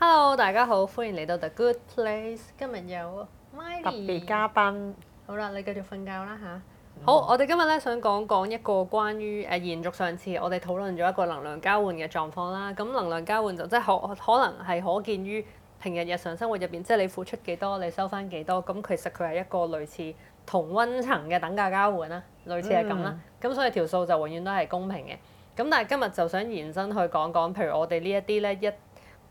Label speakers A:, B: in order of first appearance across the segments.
A: Hello，大家好，歡迎嚟到 The Good Place 今。今日有 Myly 特別嘉賓。好啦，你繼續瞓覺啦吓，oh. 好，我哋今日咧想講講一個關於誒、呃、延續上次我哋討論咗一個能量交換嘅狀況啦。咁能量交換就即係可可能係可見於平日日常生活入邊，即係你付出幾多，你收翻幾多。咁其實佢係一個類似同溫層嘅等價交換啦，類似係咁啦。咁、mm. 所以條數就永遠都係公平嘅。咁但係今日就想延伸去講講，譬如我哋呢一啲咧一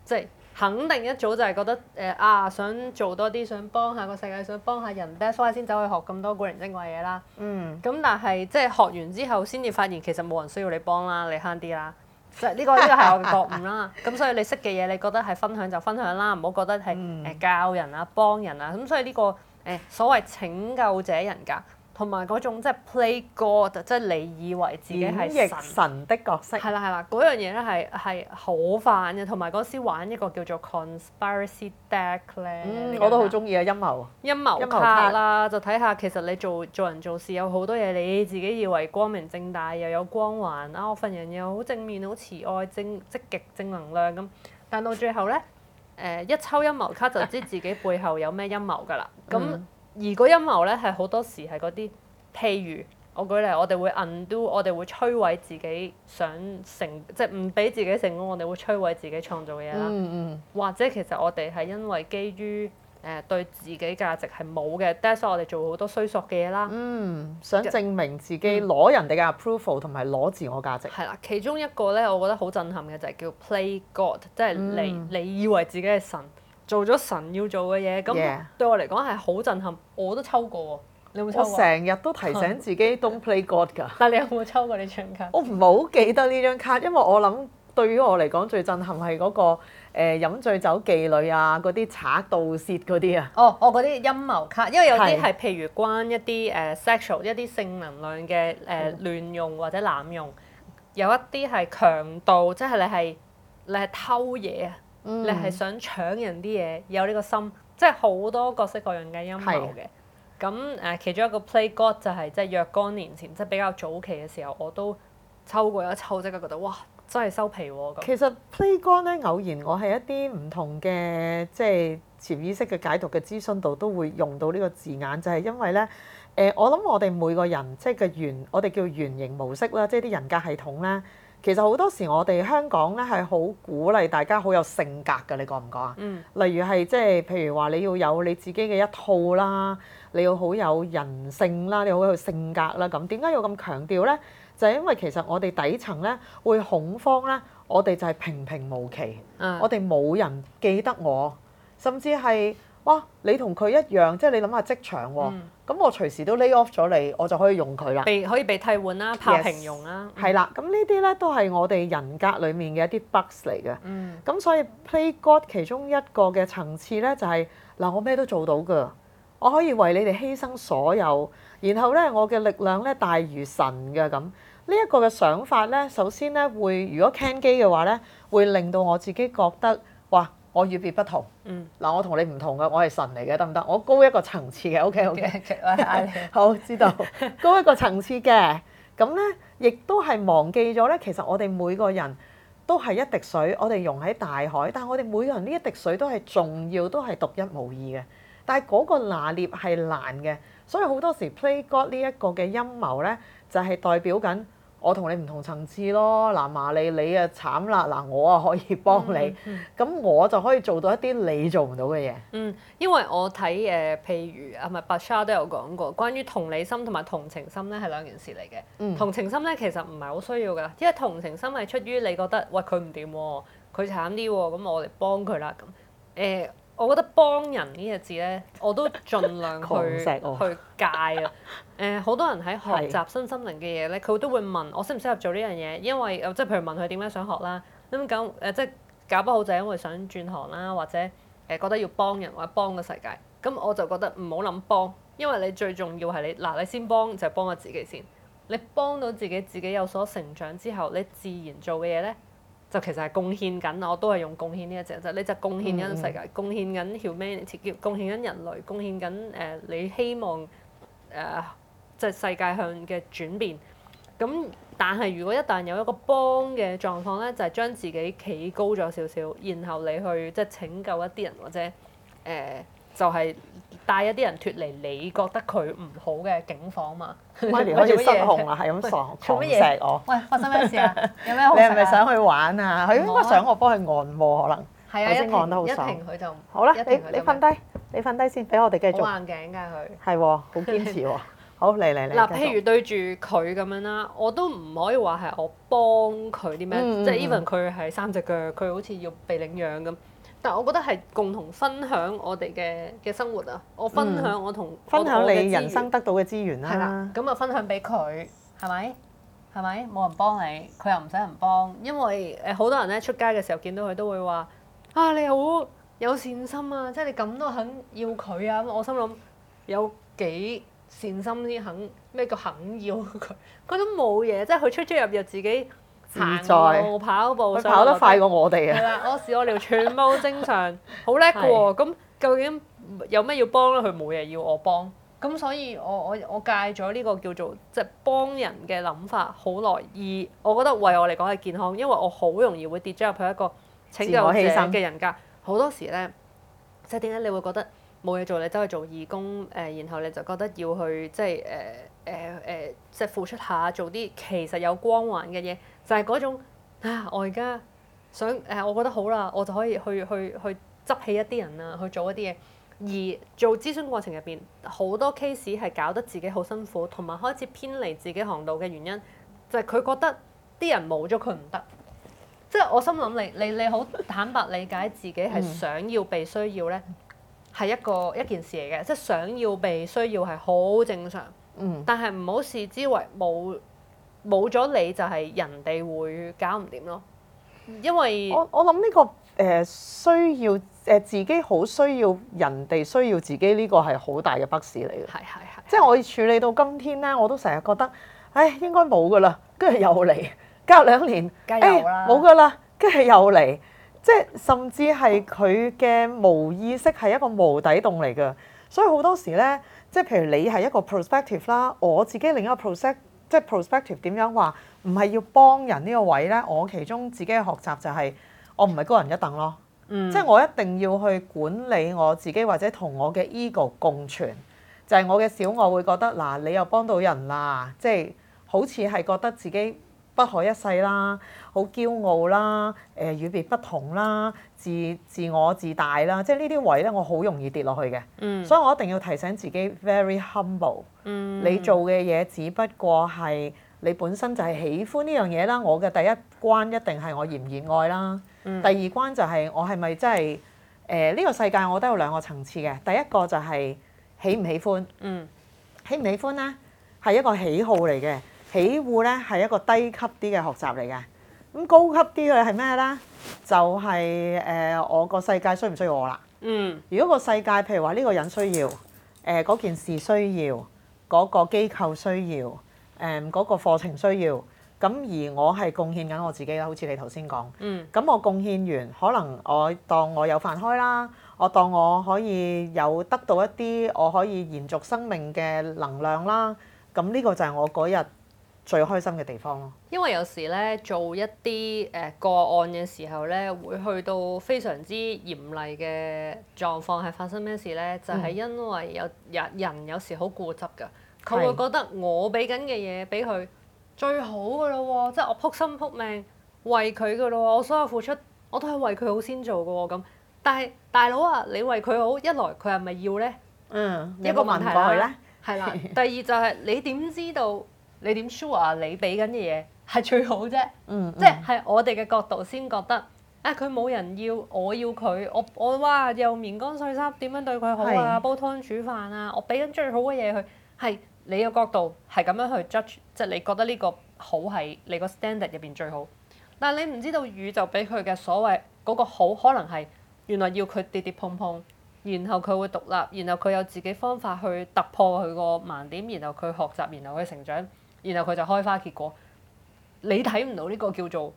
A: 即係。肯定一早就係覺得誒、呃、啊，想做多啲，想幫下個世界，想幫下人，啫所以先走去學咁多古靈精怪嘢啦。嗯。咁但係即係學完之後，先至發現其實冇人需要你幫啦，你慳啲啦。即係呢個呢、這個係、這個、我嘅覺悟啦。咁 所以你識嘅嘢，你覺得係分享就分享啦，唔好覺得係誒、嗯欸、教人啊、幫人啊。咁所以呢、這個誒、欸、所謂拯救者人格。同埋嗰種即係 play god，即係你以為自己係神，神的角色。係啦係啦，嗰樣嘢咧係係好煩嘅。同埋嗰時玩一個叫做 conspiracy deck 咧、嗯。看我都好中意啊，陰謀。陰謀卡，陰謀卡啦，就睇下其實你做做人做事有好多嘢你自己以為光明正大又有光環啦、啊，我份人又好正面好慈愛正積極正能量咁。但到最後咧，誒、 呃、一抽陰謀卡就知自己背後有咩陰謀噶啦。咁而嗰陰謀咧係好多時係嗰啲，譬如我舉例，我哋會 undo，我哋會摧毀自己想成，即係唔俾自己成功，我哋會摧毀自己創造嘅嘢啦。嗯嗯。嗯或者其實我哋係因為基於誒、呃、對自己價值係冇嘅，that's why 我哋做好多衰索嘅嘢啦。嗯。
B: 想證明自己攞、嗯、人哋嘅 approval 同埋攞自我價值。係啦，
A: 其中一個咧，我覺得好震撼嘅就係、是、叫 play god，即係你、嗯、你以為自己係神。做咗神要做嘅嘢，咁對我嚟講係好震撼。我都抽過喎，你有冇抽過？成日
B: 都提醒自
A: 己 Don't play God 㗎。 但係你有冇抽過呢張卡？我唔
B: 係好記得呢張卡，因為我諗對於我嚟講最震撼係嗰、嗰個誒、呃、飲醉酒妓女啊，嗰啲賊盜竊嗰啲啊。哦，我嗰啲陰謀卡，因為有啲係
A: 譬如關一啲誒 sexual 一啲性能量嘅誒亂用或者濫用，嗯、有一啲係強盜，即、就、係、是、你係你係偷嘢啊。嗯、你係想搶人啲嘢，有呢個心，即係好多各式各樣嘅陰謀嘅。咁誒是的、呃，其中一個 Play God 就係、是、即係若干年前，即係比較早期嘅時候，我都抽過，一抽即係覺得哇，真係收皮喎，啊那個、其實
B: Play God 咧，偶然我喺一啲唔同嘅即係潛意識嘅解讀嘅諮詢度都會用到呢個字眼，就係、是、因為咧誒、呃，我諗我哋每個人即係個原，我哋叫原型模式啦，即係啲人格系統啦。其實好多時我哋香港咧係好鼓勵大家好有性格㗎，你覺唔覺啊？嗯。例如係即係，譬如話你要有你自己嘅一套啦，你要好有人性啦，你要好有性格啦。咁點解要咁強調呢？就係因為其實我哋底層咧會恐慌啦，我哋就係平平無奇，嗯、我哋冇人記得我，甚至係。哇！你同佢一樣，即係你諗下職場喎、哦，咁、嗯、我隨時都 lay off 咗你，我就可以用佢啦，被
A: 可以被替換啦、啊、排平用啦、啊，係啦 Yes,、嗯，
B: 咁呢啲咧都係我哋人格裡面嘅一啲 bugs 嚟嘅，咁、嗯、所以 play god 其中一個嘅層次咧就係、是、嗱我咩都做到㗎，我可以為你哋犧牲所有，然後咧我嘅力量咧大如神嘅咁，呢一、這個嘅想法咧首先咧會如果 can 機嘅話咧會令到我自己覺得。我與別不同，嗱我同你唔同嘅，我係神嚟嘅，得唔得？我高一個層次嘅，OK OK， 好知道高一個層次嘅，咁呢，亦都係忘記咗呢。其實我哋每個人都係一滴水，我哋溶喺大海，但係我哋每個人呢一滴水都係重要，都係獨一無二嘅。但係嗰個拿捏係難嘅，所以好多時 Play God 呢一個嘅陰謀呢，就係、是、代表緊。我同你唔同層次咯，嗱，麻利你啊慘啦，嗱，我啊可以幫你，咁、嗯嗯、我就可以做到一啲你做唔到嘅嘢。嗯，
A: 因為我睇誒、呃，譬如啊，唔係 Bashar 都有講過，關於同理心同埋同情心咧，係兩件事嚟嘅。嗯、同情心咧，其實唔係好需要㗎，因為同情心係出於你覺得，喂佢唔掂喎，佢慘啲喎，咁、嗯、我哋幫佢啦咁。誒、嗯。誒我覺得幫人呢個字咧，我都盡量去去戒啊。誒 食我，好、 呃、多人喺學習新心靈嘅嘢咧，佢 都會問我適唔適合做呢樣嘢？因為即係譬如問佢點解想學啦。咁樣咁誒，即係搞不好就係因為想轉行啦，或者誒覺得要幫人或者幫個世界。咁、嗯、我就覺得唔好諗幫，因為你最重要係你嗱，你先幫就係幫我自己先。你幫到自己，自己有所成長之後，你自然做嘅嘢咧，.就其實係貢獻緊，我都係用貢獻呢一隻，就你就貢獻緊世界，貢獻緊 humanity，貢獻緊人類，貢獻緊誒你希望誒即係世界向嘅轉變。咁但係如果一旦有一個幫嘅狀況咧，就係、是、將自己企高咗少少，然後你去即係、就是、拯救一啲人或者誒、呃、就係、是。帶一啲人脫離你覺得佢唔好嘅境況嘛，好似失控啊，係咁傻哦！喂，發生咩事啊？有咩好事？你係咪想去
B: 玩啊？佢應該想我幫佢按摩喎，可能係啊，一按得好佢爽。
A: 好啦，你你瞓
B: 低，你瞓低先，俾我哋繼續。戴
A: 眼鏡㗎佢
B: 係喎，好堅持喎。好嚟嚟嚟！嗱，譬如
A: 對住佢咁樣啦，我都唔可以話係我幫佢啲咩，即係 even 佢係三隻腳，佢好似要被領養咁。我覺得係共同分享我哋嘅嘅生活啊！我分享我同分享你人生得
B: 到嘅資源啦。
A: 咁啊，就分享俾佢，係咪？係咪？冇人幫你，佢又唔使人幫，因為誒好、呃、多人咧出街嘅時候見到佢都會話：啊，你好有善心啊！即係你咁都肯要佢啊！咁我心諗有幾善心呢？肯咩叫肯要佢？佢都冇嘢，即係佢出出入入自己。行路跑步，佢跑得快過我哋啊！ 係啦，嗰時我哋全部正常，好叻嘅喎。咁是究竟有咩要幫咧？佢冇嘢要我幫。咁所以我我我戒咗呢個叫做即係、就是、幫人嘅諗法好耐。而我覺得為我嚟講係健康，因為我好容易會跌咗入去一個拯救者嘅人格。好多時咧，即係點解你會覺得冇嘢做，你走去做義工誒、呃，然後你就覺得要去即係誒？呃誒誒，即係付出下，做啲其實有光環嘅嘢，就係嗰種啊。我而家想誒，我覺得好啦，我就可以去去去執起一啲人啊，去做一啲嘢。而做諮詢過程入邊，好多 case 係搞得自己好辛苦，同埋開始偏離自己航道嘅原因，就係佢覺得啲人冇咗佢唔得。即係我心諗，你你你好坦白理解自己係想要被需要咧，係一個一件事嚟嘅，即係想要被需要係好正常。嗯，但係唔好視之為冇冇咗你就係人哋會搞唔掂咯，因為我
B: 我諗呢、呢個誒、呃、需要誒、呃、自己好需要人哋需要自己呢個係好大嘅筆事嚟嘅，係係係。即係我處理到今天咧，我都成日覺得，唉，應該冇噶啦，跟住又嚟，隔兩年，梗係冇啦，冇噶啦，跟住又嚟，即係甚至係佢嘅無意識係一個無底洞嚟嘅，所以好多時咧。即係譬如你係一個 perspective 啦，我自己另一個 perspective，即係 perspective 點樣話，唔係要幫人呢個位呢。我其中自己嘅學習就係、是、我唔係高人一等咯，嗯、即係我一定要去管理我自己或者同我嘅 ego 共存，就係、是、我嘅小我會覺得嗱、啊，你又幫到人啦，即係好似係覺得自己，不可一世啦，好驕傲啦，誒、呃、與別不同啦，自自我自大啦，即係呢啲位咧，我好容易跌落去嘅。嗯，所以我一定要提醒自己 very humble、嗯。你做嘅嘢只不過係你本身就係喜歡呢樣嘢啦。我嘅第一關一定係我熱唔熱愛啦。嗯、第二關就係我係咪真係誒，呢個世界我都有兩個層次嘅。第一個就係喜唔喜歡？嗯，喜唔喜歡呢？係一個喜好嚟嘅。起護咧係一個低級啲嘅學習嚟嘅，咁高級啲嘅係咩咧？就係誒我個世界需唔需要我啦？嗯，如果個世界譬如話呢個人需要，誒嗰件事需要，嗰個機構需要，誒嗰個課程需要，咁而我係貢獻緊我自己啦，好似你頭先講。嗯，咁我貢獻完，可能我當我有飯開啦，我當我可以有得到一啲我可以延續生命嘅能量啦。咁呢個就係我嗰日。最開心嘅地方咯，
A: 因為有時咧做一啲誒、呃、個案嘅時候咧，會去到非常之嚴厲嘅狀況，係發生咩事咧？就係、是、因為有，嗯、有人有時好固執噶，佢會覺得我俾緊嘅嘢俾佢最好噶咯喎，即係我仆心仆命為佢噶咯喎，我所有付出我都係為佢好先做噶喎咁。但係大佬啊，你為佢好一來佢係咪要咧？嗯，一個問題、嗯、個問題過去咧，係啦。第二就係、是、你點知道？ 你點 show 啊？你俾緊嘅嘢係最好啫，嗯、即係我哋嘅角度先覺得啊！佢冇、嗯哎、人要，我要佢，我我話又棉乾碎衫，點樣對佢好啊？是煲湯煮飯啊，我俾緊最好嘅嘢佢。係你嘅角度係咁樣去 judge，即係你覺得呢個好係你個 standard 入邊最好。但係你唔知道，宇宙就俾佢嘅所謂嗰個好，可能係原來要佢跌跌碰碰，然後佢會獨立，然後佢有自己方法去突破佢個盲點，然後佢學習，然後佢成長。然後佢就開花結果，你睇唔到呢個叫做，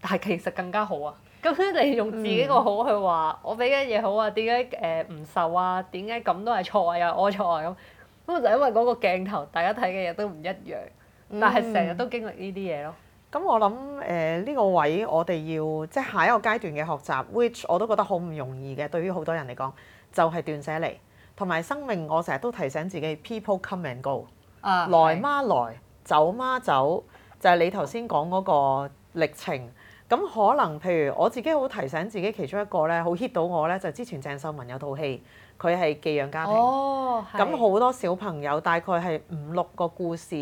A: 但係其實更加好啊！咁你用自己個好去話，我畀啲嘢好啊？點解誒唔受啊？點解咁都係錯啊？又我錯啊咁？咁就因為嗰個鏡頭，大家睇嘅嘢都唔一樣，但係成日都經歷呢啲嘢咯、嗯。
B: 咁我諗誒呢個位我，我哋要即係下一個階段嘅學習，which 我都覺得好唔容易嘅。對於好多人嚟講，就係、是、斷捨離，同埋生命。我成日都提醒自己，people come and go。來媽來，走媽走，就係、是、你頭先講嗰個歷程。咁可能譬如我自己好提醒自己，其中一個咧好 hit 到我咧，就是、之前鄭秀文有套戲，佢係寄養家庭。哦，咁好多小朋友，大概係五六個故事，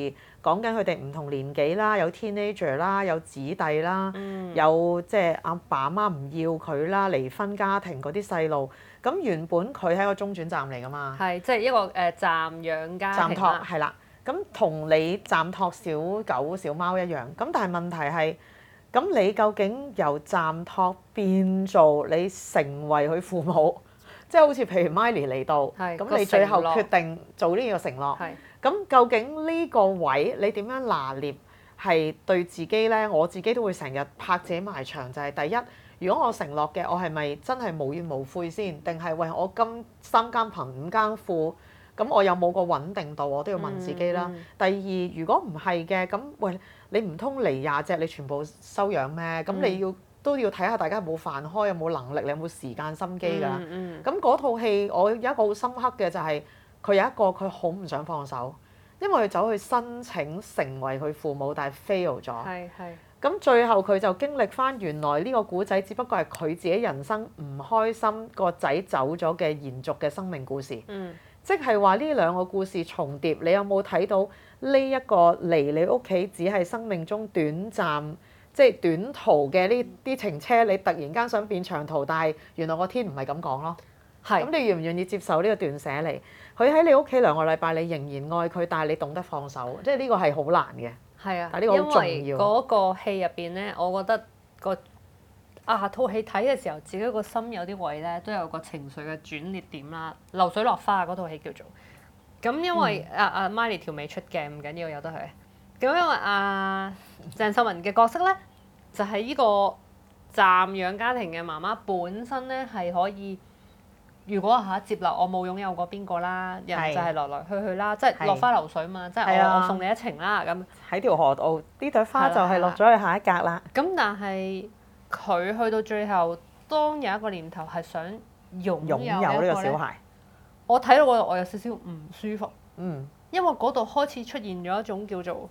B: 講緊佢哋唔同年紀啦，有 teenager 啦，有子弟啦，嗯、有即係阿爸媽唔要佢啦，離婚家庭嗰啲細路。咁原本佢係一個中轉站嚟噶嘛？
A: 係即係一個誒、呃、站養家庭、啊。站託係
B: 啦。咁同你暫託小狗小貓一樣，咁但係問題係，咁你究竟由暫託變做你成為佢父母，即係好似譬如 Miley 嚟到，咁是你最後決定做呢個承諾，咁是究竟呢個位你點樣拿捏？係對自己呢，我自己都會成日拍自己埋牆，就係、是、第一，如果我承諾嘅，我係咪真係無怨無悔先？定係為我今三更窮五更富？咁我有冇個穩定度？我都要問自己啦。嗯嗯、第二，如果唔係嘅，咁喂，你唔通嚟廿隻，你全部收養咩？咁、嗯、你要都要睇下大家有冇飯開，有冇能力，你有冇時間心機㗎？咁嗰套戲，我有一個好深刻嘅就係、係、佢有一個佢好唔想放手，因為佢走去申請成為佢父母，但係 fail 咗。係係。咁最後佢就經歷翻原來呢個古仔，只不過係佢自己人生唔開心，個仔走咗嘅延續嘅生命故事。嗯即係話呢兩個故事重疊，你有冇睇到呢一個嚟你屋企只係生命中短暫，即係短途嘅呢啲程車，你突然間想變長途，但係原來個天唔係咁講咯。係咁是，你願唔願意接受呢個斷捨離？佢喺你屋企兩個禮拜，你仍然愛佢，但係你懂得放手，即係呢個係好難嘅。
A: 係啊，呢個好重要，因為嗰個戲入邊呢，我覺得、嗰個。啊！套戲睇嘅時候，自己個心有啲位咧，都有個情緒嘅轉捩點啦。流水落花嗰套戲叫做咁，啊啊啊啊、因為啊啊 Miley 條尾出鏡，唔緊要有得佢。咁因為啊鄭秀文嘅角色咧，就係、是、呢個暫養家庭嘅媽媽，本身咧係可以，如果嚇接落我冇擁有過邊個啦，人就係來來去去啦，即、就、係、是、落花流水嘛，即、就、係我送你一程啦，咁
B: 喺條河度呢朵花就係
A: 落咗去下一格啦。咁但係。葉 Geez 佢去到最後，當有一個念頭係想擁有個呢擁有呢個小孩，我睇到嗰度我有少少唔舒服，嗯，因為嗰度開始出現咗一種叫做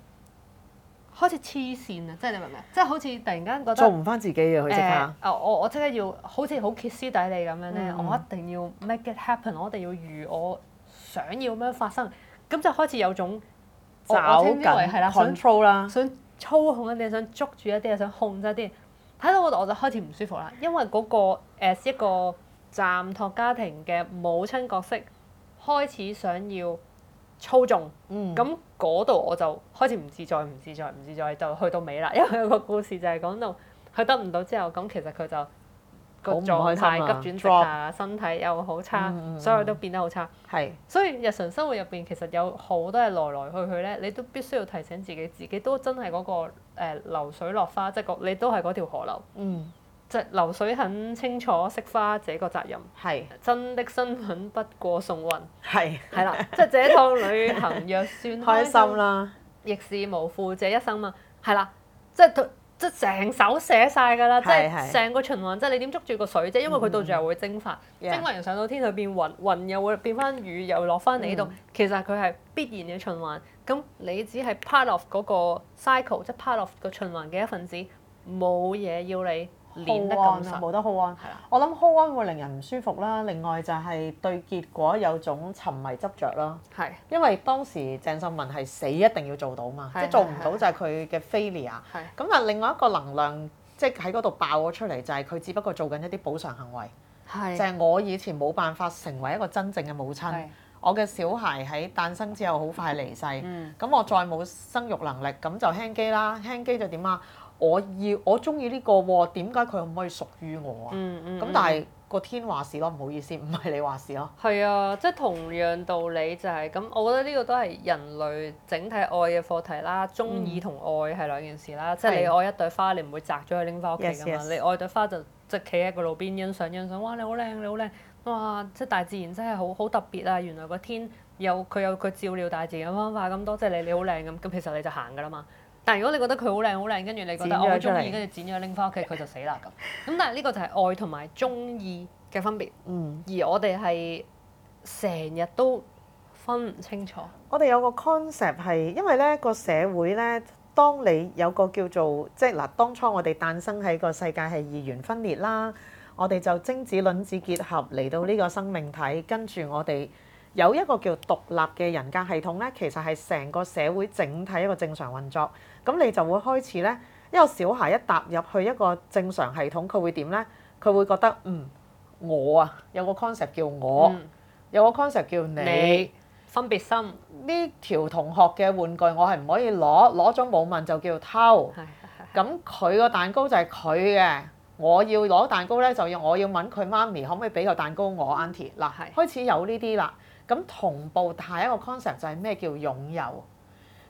A: 開始黐線啊，即係你明唔明？即係好似突然間覺得做唔
B: 翻自己嘅佢，即
A: 刻、呃、我我即刻要好似好歇斯底里咁樣咧，嗯、我一定要 make it happen，我一定要如我想要咁樣發生，咁就開始有種抓緊 control 啦，想操控一啲，想捉住一啲，想控制一啲。睇到嗰度我就開始唔舒服啦，因為嗰個誒一個暫託家庭嘅母親角色，開始想要操縱，咁嗰度我就開始唔自在、唔自在、唔自在，就去到尾啦。因為有個故事就係講到佢得唔到之後，咁其實佢就。
B: 個狀態急轉直下，
A: 身體又好差，所以、嗯、都變得好差。係是，所以日常生活入邊其實有好多嘢來來去去咧，你都必須要提醒自己，自己，自己都真係嗰個誒流水落花，即係你都係嗰條河流。嗯，即係流水很清楚是，惜花這個責任係真的身份不過送運係係是啦，即係 latego 這趟旅行若算開心啦，亦是無負這一生嘛。係啦，即係。即成首寫晒㗎啦，是是即係成個循環。即係你點捉住個水啫？因為佢到最後會蒸發，蒸發完上到天就變雲，雲又會變翻雨，又落翻嚟呢度。嗯、其實佢係必然嘅循環。咁你只係 part of 嗰個 cycle，即係 part of 個循環嘅一份子，冇嘢要你。耗完啦，冇得 hold on，的我諗 hold
B: on 會令人唔舒服啦。另外就係對結果有種沉迷執着咯。係的。因為當時鄭秀文係死一定要做到嘛，即係的做唔到就係佢嘅 failure 的。咁啊，另外一個能量即係喺嗰度爆咗出嚟，就係、是、佢、就是、只不過做緊一啲補償行為。的就係我以前冇辦法成為一個真正嘅母親，的我嘅小孩喺誕生之後好快離世，咁、嗯嗯、我再冇生育能力，咁就輕機啦。輕機就點啊？我要我中意呢個喎，點解佢唔可以屬於我啊？咁、
A: 嗯嗯嗯、但係
B: 個天話事咯，唔好意思，唔係你話事咯。
A: 係啊，即係同樣道理就係、係、咁，我覺得呢個都係人類整體愛嘅課題啦。中意同愛係兩件事啦。嗯、即係你愛一朵花，你唔會摘咗佢拎翻屋企㗎嘛。Yes, yes. 你愛朵花就即係企喺個路邊欣賞欣賞。哇！你好靚，你好靚。哇！即係大自然真係好好特別啊。原來個天有佢有佢照料大自然嘅方法咁多。即係你你好靚咁，咁其實你就行㗎啦嘛。但如果你覺得佢好靚好靚，跟住你覺得我好中意，跟住剪咗拎翻屋企，佢就死啦咁。咁但係呢個就係愛同埋中意嘅分別。嗯。而我哋係成日都分唔清楚。嗯、
B: 我哋有個 concept 係，因為呢、呢個社會呢，當你有個叫做即係嗱，當初我哋誕生喺個世界係二元分裂啦，我哋就精子卵子結合嚟到呢個生命體，跟住我哋，有一個叫獨立嘅人格系統咧，其實係成個社會整體一個正常運作。咁你就會開始咧，一個小孩一踏入去一個正常系統，佢會點咧？佢會覺得嗯，我啊有個 concept 叫我，嗯、有個 concept 叫你，
A: 分別心，
B: 心。呢條同學嘅玩具我係唔可以攞，攞咗冇問就叫偷。咁佢個蛋糕就係佢嘅，我要攞蛋糕咧就要我要問佢媽咪可唔可以俾個蛋糕我 Auntie 嗱，是是是開始有呢啲啦。咁同步下一個 concept 就係咩叫擁有？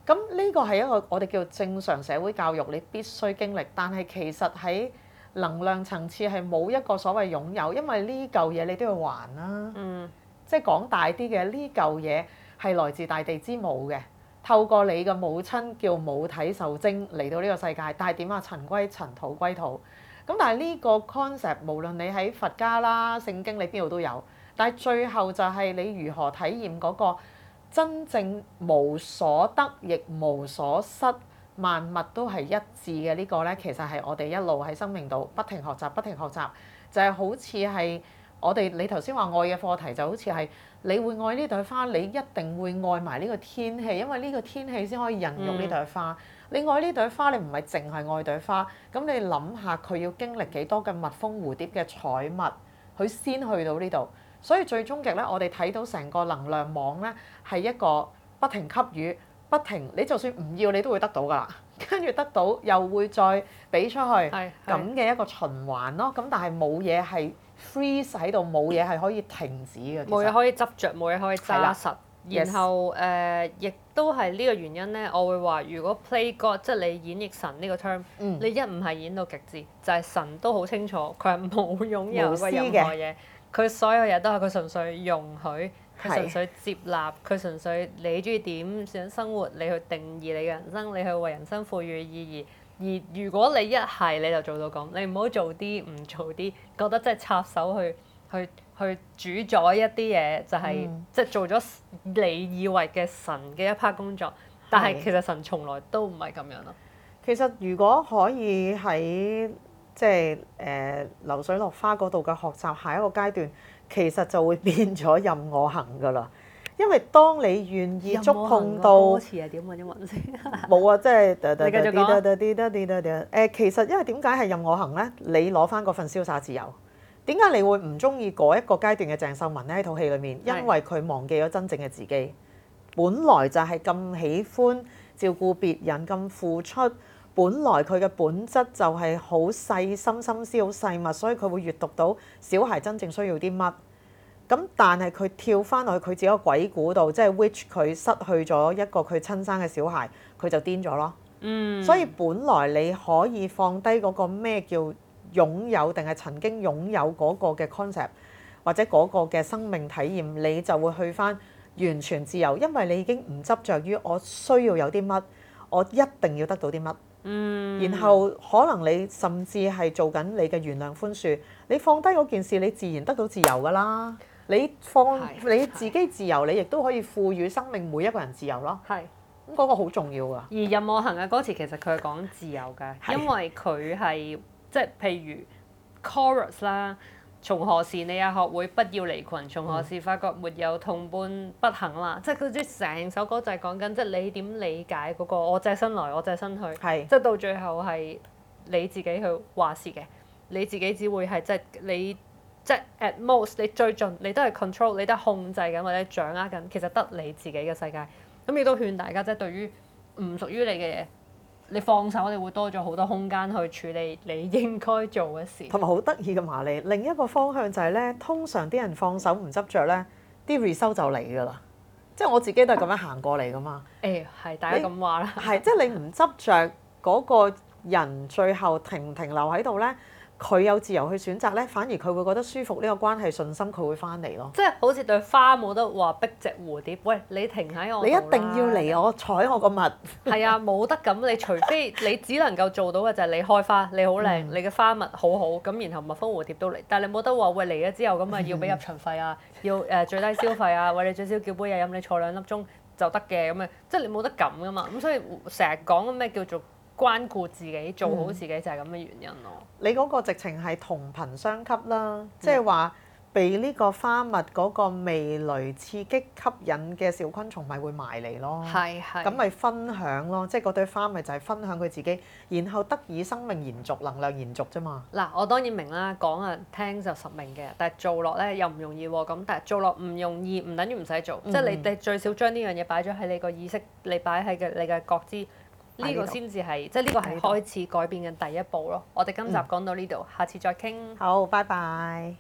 B: 咁呢個係一個我哋叫正常社會教育你必須經歷，但係其實喺能量層次係冇一個所謂擁有，因為呢嚿嘢你都要還啦。嗯，即係講大啲嘅，呢嚿嘢係來自大地之母嘅，透過你嘅母親叫母體受精嚟到呢個世界，但係點啊？塵歸塵，土歸土。咁但係呢個 concept，無論你喺佛家啦、聖經，你邊度都有。但係最後就係你如何體驗嗰個真正無所得亦無所失，萬物都係一致嘅呢個呢，其實係我哋一路喺生命度不停學習，不停學習，就係、是、好似係我哋你頭先話愛嘅課題，就好似係你會愛呢朵花，你一定會愛埋呢個天氣，因為呢個天氣先可以孕育呢朵花。你愛呢朵花，你唔係淨係愛朵花，咁你諗下佢要經歷幾多嘅蜜蜂、蝴蝶嘅採蜜，佢先去到呢度。所以最終極咧，我哋睇到成個能量網咧，係一個不停給予、不停，你就算唔要，你都會得到噶啦。跟住得到又會再俾出去，咁嘅一個循環咯。咁但係冇嘢係 freeze
A: 喺度，冇嘢係可
B: 以停止嘅。冇嘢可以
A: 執着，冇嘢可以揸實。的然後誒的、呃，亦都係呢個原因咧，我會話如果 play God，即係你演繹神呢個 term、嗯、你一唔係演到極致，就係、是、神都好清楚，佢係冇擁有任何嘢。佢所有嘢都係佢純粹容許，佢純粹接納，佢純粹你中意點想生活，你去定義你嘅人生，你去為人生賦予意義。而如果你一係你就做到咁，你唔好做啲唔做啲，覺得即係插手去去去主宰一啲嘢，就係、是嗯、即係做咗你以為嘅神嘅一 part 工作。但係其實神從來都唔係咁樣咯。嗯、其實如果
B: 可以喺即係誒流水落花嗰度嘅學習，下一個階段其實就會變咗任我行噶啦。因為當你願意觸碰到，
A: 冇
B: 啊！即係，其實因為點解係任我行呢？你攞翻嗰份瀟灑自由。點解你會唔中意嗰一個階段嘅鄭秀文呢？喺套戲裡面，因為佢忘記咗真正嘅自己。本來就係咁喜歡照顧別人，咁付出。本來佢嘅本質就係好細心心思、好細密，所以佢會閱讀到小孩真正需要啲乜。咁但係佢跳翻落去佢自己個鬼故度，即係 which 佢失去咗一個佢親生嘅小孩，佢就癲咗咯。嗯，所以本來你可以放低嗰個咩叫擁有定係曾經擁有嗰個嘅 concept 或者嗰個嘅生命體驗，你就會去翻完全自由，因為你已經唔執着於我需要有啲乜，我一定要得到啲乜。嗯，然後可能你甚至係做緊你嘅原諒寬恕，你放低嗰件事，你自然得到自由㗎啦。你放是你自己自由，是你亦都可以賦予生命每一
A: 個人自由咯。係是，咁嗰個好重要㗎。而任我行嘅歌詞其實佢係講自由㗎，是因為佢係即係譬如 chorus 啦。從何時你又學會不要離群，從何時發覺沒有同伴不行啦？嗯、即係佢啲成首歌就係講緊，即係你點理解嗰、那個我隻身來，我隻身去。係是。即係到最後係你自己去話事嘅，你自己只會係即係你即係 at most 你最盡你都係 control 你都係控制緊或者掌握緊，其實得你自己嘅世界。咁亦都勸大家，即係對於唔屬於你嘅嘢。你放手，你會多咗好多空間去處理你應該做嘅事。同埋
B: 好得意嘅麻利，另一個方向就係、是、咧，通常啲人放手唔執着咧，啲 result 就嚟㗎啦。即係我自己都係咁樣行過嚟㗎嘛。
A: 誒、 哎，係大家
B: 咁話啦。係你，即係、 就是、你唔執着，嗰個人，最後停唔停留喺度咧？佢有自由去選擇咧，反而佢會覺得舒服。呢、這個關係信心，佢會翻嚟咯。
A: 即係好似對花冇得話逼隻蝴蝶。喂，你停喺我，你一
B: 定要嚟我採我個蜜。
A: 係 啊，冇得咁。你除非你只能夠做到嘅就係你開花，你好靚，嗯、你嘅花蜜好好咁，然後蜜蜂蝴蝶都嚟。但係你冇得話，喂嚟咗之後咁啊，要俾入場費啊，要誒最低消費啊，喂你最少叫杯嘢飲，你坐兩粒鐘就得嘅咁啊，即係你冇得咁噶嘛。咁所以成日講咩叫做？關顧自己，做好自己、嗯、就係咁嘅原因咯。
B: 你嗰個直情係同頻相吸啦，即係話被呢個花蜜嗰個味蕾刺激吸引嘅小昆蟲咪會埋嚟咯。係係。咁咪分享咯，即係嗰對花咪就係分享佢自己，然後得以生命延續、能量延續啫嘛。
A: 嗱，我當然明啦，講啊聽就實明嘅，但係做落咧又唔容易喎。咁但係做落唔容易，唔等於唔使做，即係、嗯、你哋最少將呢樣嘢擺咗喺你個意識，你擺喺嘅你嘅覺知。呢個先至係，即係呢個係開始改變嘅第一步咯。我哋今集講到呢度，嗯、下次再傾。好，拜拜。